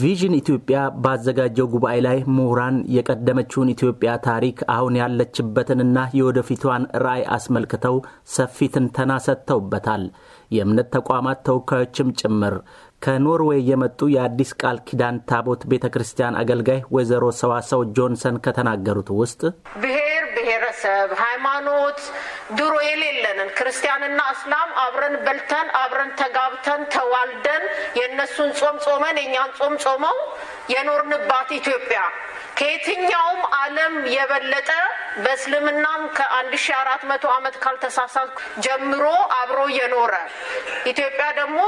ቪዥን ኢትዮጵያ ባዘጋጀው ጉባኤ ላይ ምሁራን የቀደመችውን ኢትዮጵያ ታሪክ አሁን ያለችበትንና የወደፊቷን ራዕይ አስመልክተው ሰፊ ትንተና ሰጥተውበታል። የእምነት ተቋማት ተወካዮችም ጭምር ከኖርዌይ የመጡ የአዲስ ቃል ኪዳን ታቦት ቤተ ክርስቲያን አገልጋይ ወይዘሮ ሰዋሰው ጆንሰን ከተናገሩት ውስጥ ብሔረሰብ፣ ሃይማኖት ድሮ የሌለንን ክርስቲያንና እስላም አብረን በልተን አብረን ተጋብተን ተዋልደን የእነሱን ጾም ጾመን የእኛን ጾም ጾመው የኖርንባት ኢትዮጵያ ከየትኛውም ዓለም የበለጠ በእስልምናም ከ1400 ዓመት ካልተሳሳትኩ ጀምሮ አብሮ የኖረ ኢትዮጵያ ደግሞ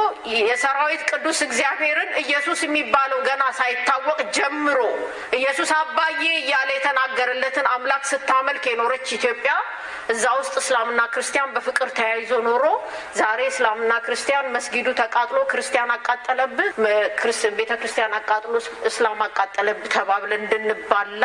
የሰራዊት ቅዱስ እግዚአብሔርን ኢየሱስ የሚባለው ገና ሳይታወቅ ጀምሮ ኢየሱስ አባዬ እያለ የተናገረለትን አምላክ ስታመልክ የኖረች ኢትዮጵያ እዛ ውስጥ እስላምና ክርስቲያን በፍቅር ተያይዞ ኖሮ ዛሬ እስላምና ክርስቲያን መስጊዱ ተቃጥሎ ክርስቲያን አቃጠለብህ፣ ቤተ ክርስቲያን አቃጥሎ እስላም አቃጠለብህ ተባብለን እንድንባላ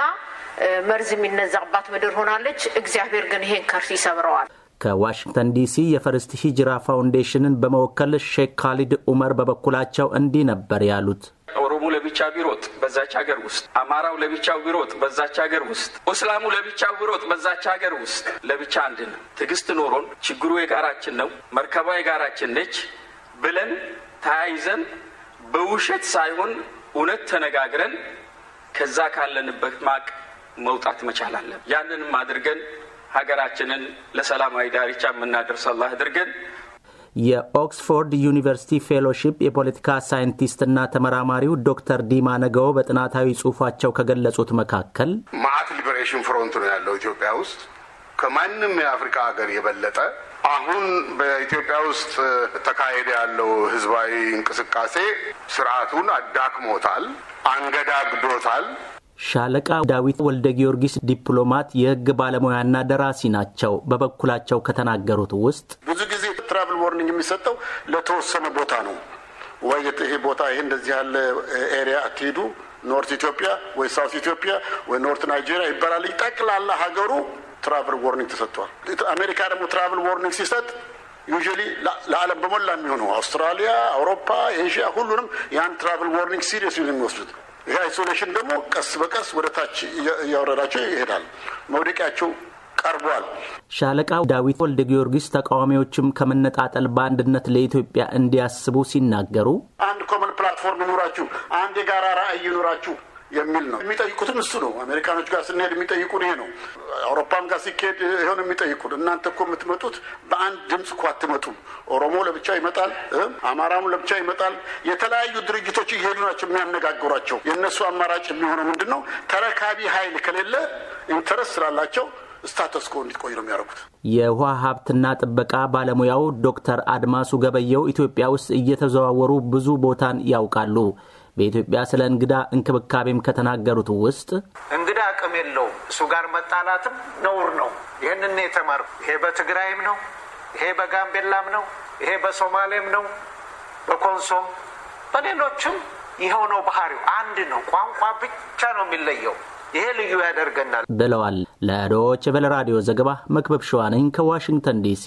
መርዝ የሚነዛባት ምድር ሆናለች። እግዚአብሔር ግን ይሄን ከርስ ይሰብረዋል። ከዋሽንግተን ዲሲ የፈርስት ሂጅራ ፋውንዴሽንን በመወከል ሼክ ካሊድ ኡመር በበኩላቸው እንዲህ ነበር ያሉት። ኦሮሞ ለብቻ ቢሮጥ በዛች ሀገር ውስጥ፣ አማራው ለብቻው ቢሮጥ በዛች ሀገር ውስጥ፣ እስላሙ ለብቻው ቢሮጥ በዛች ሀገር ውስጥ ለብቻ አንድ ነው። ትዕግስት ኖሮን ችግሩ የጋራችን ነው፣ መርከቧ የጋራችን ነች ብለን ተያይዘን በውሸት ሳይሆን እውነት ተነጋግረን ከዛ ካለንበት ማቅ መውጣት መቻል አለን። ያንንም አድርገን ሀገራችንን ለሰላማዊ ዳርቻ የምናደርስ አላህ አድርገን። የኦክስፎርድ ዩኒቨርሲቲ ፌሎሺፕ የፖለቲካ ሳይንቲስትና ተመራማሪው ዶክተር ዲማ ነገዎ በጥናታዊ ጽሁፋቸው ከገለጹት መካከል ማአት ሊበሬሽን ፍሮንት ነው ያለው ኢትዮጵያ ውስጥ ከማንም የአፍሪካ ሀገር የበለጠ አሁን በኢትዮጵያ ውስጥ ተካሄደ ያለው ህዝባዊ እንቅስቃሴ ስርዓቱን አዳክሞታል፣ አንገዳግዶታል። ሻለቃ ዳዊት ወልደ ጊዮርጊስ ዲፕሎማት፣ የህግ ባለሙያና ደራሲ ናቸው። በበኩላቸው ከተናገሩት ውስጥ ብዙ ጊዜ ትራቭል ዎርኒንግ የሚሰጠው ለተወሰነ ቦታ ነው ወይ ይሄ ቦታ ይሄ እንደዚህ ያለ ኤሪያ አትሄዱ፣ ኖርት ኢትዮጵያ ወይ ሳውት ኢትዮጵያ ወይ ኖርት ናይጄሪያ ይባላል። ጠቅላላ ሀገሩ ትራቭል ዎርኒንግ ተሰጥቷል። አሜሪካ ደግሞ ትራቭል ዎርኒንግ ሲሰጥ ዩዥሊ ለዓለም በሞላ የሚሆነው አውስትራሊያ፣ አውሮፓ፣ ኤዥያ ሁሉንም ያን ትራቭል ዋርኒንግ ሲሪየስ የሚወስዱት ይህ አይሶሌሽን ደግሞ ቀስ በቀስ ወደ ታች እያወረዳቸው ይሄዳል። መውደቂያቸው ቀርቧል። ሻለቃው ዳዊት ወልደ ጊዮርጊስ ተቃዋሚዎችም ከመነጣጠል በአንድነት ለኢትዮጵያ እንዲያስቡ ሲናገሩ አንድ ኮመን ፕላትፎርም ይኑራችሁ፣ አንድ የጋራ ራዕይ ይኑራችሁ የሚል ነው። የሚጠይቁትም እሱ ነው። አሜሪካኖች ጋር ስንሄድ የሚጠይቁን ይሄ ነው። አውሮፓም ጋር ሲካሄድ ይሆን የሚጠይቁን፣ እናንተ እኮ የምትመጡት በአንድ ድምፅ እኮ አትመጡም። ኦሮሞ ለብቻ ይመጣል፣ አማራሙ ለብቻ ይመጣል። የተለያዩ ድርጅቶች እየሄዱ ናቸው የሚያነጋግሯቸው። የእነሱ አማራጭ የሚሆነው ምንድን ነው? ተረካቢ ኃይል ከሌለ ኢንተረስት ስላላቸው ስታተስ ኮ እንዲቆይ ነው የሚያደርጉት። የውሃ ሀብትና ጥበቃ ባለሙያው ዶክተር አድማሱ ገበየው ኢትዮጵያ ውስጥ እየተዘዋወሩ ብዙ ቦታን ያውቃሉ። በኢትዮጵያ ስለ እንግዳ እንክብካቤም ከተናገሩት ውስጥ እንግዳ አቅም የለውም፣ እሱ ጋር መጣላትም ነውር ነው። ይህንን የተማርኩ ይሄ በትግራይም ነው፣ ይሄ በጋምቤላም ነው፣ ይሄ በሶማሌም ነው፣ በኮንሶም በሌሎችም ይኸው ነው። ባህሪው አንድ ነው። ቋንቋ ብቻ ነው የሚለየው። ይሄ ልዩ ያደርገናል ብለዋል። ለዶይቼ ቬለ ራዲዮ ዘገባ መክበብ ሸዋነኝ ከዋሽንግተን ዲሲ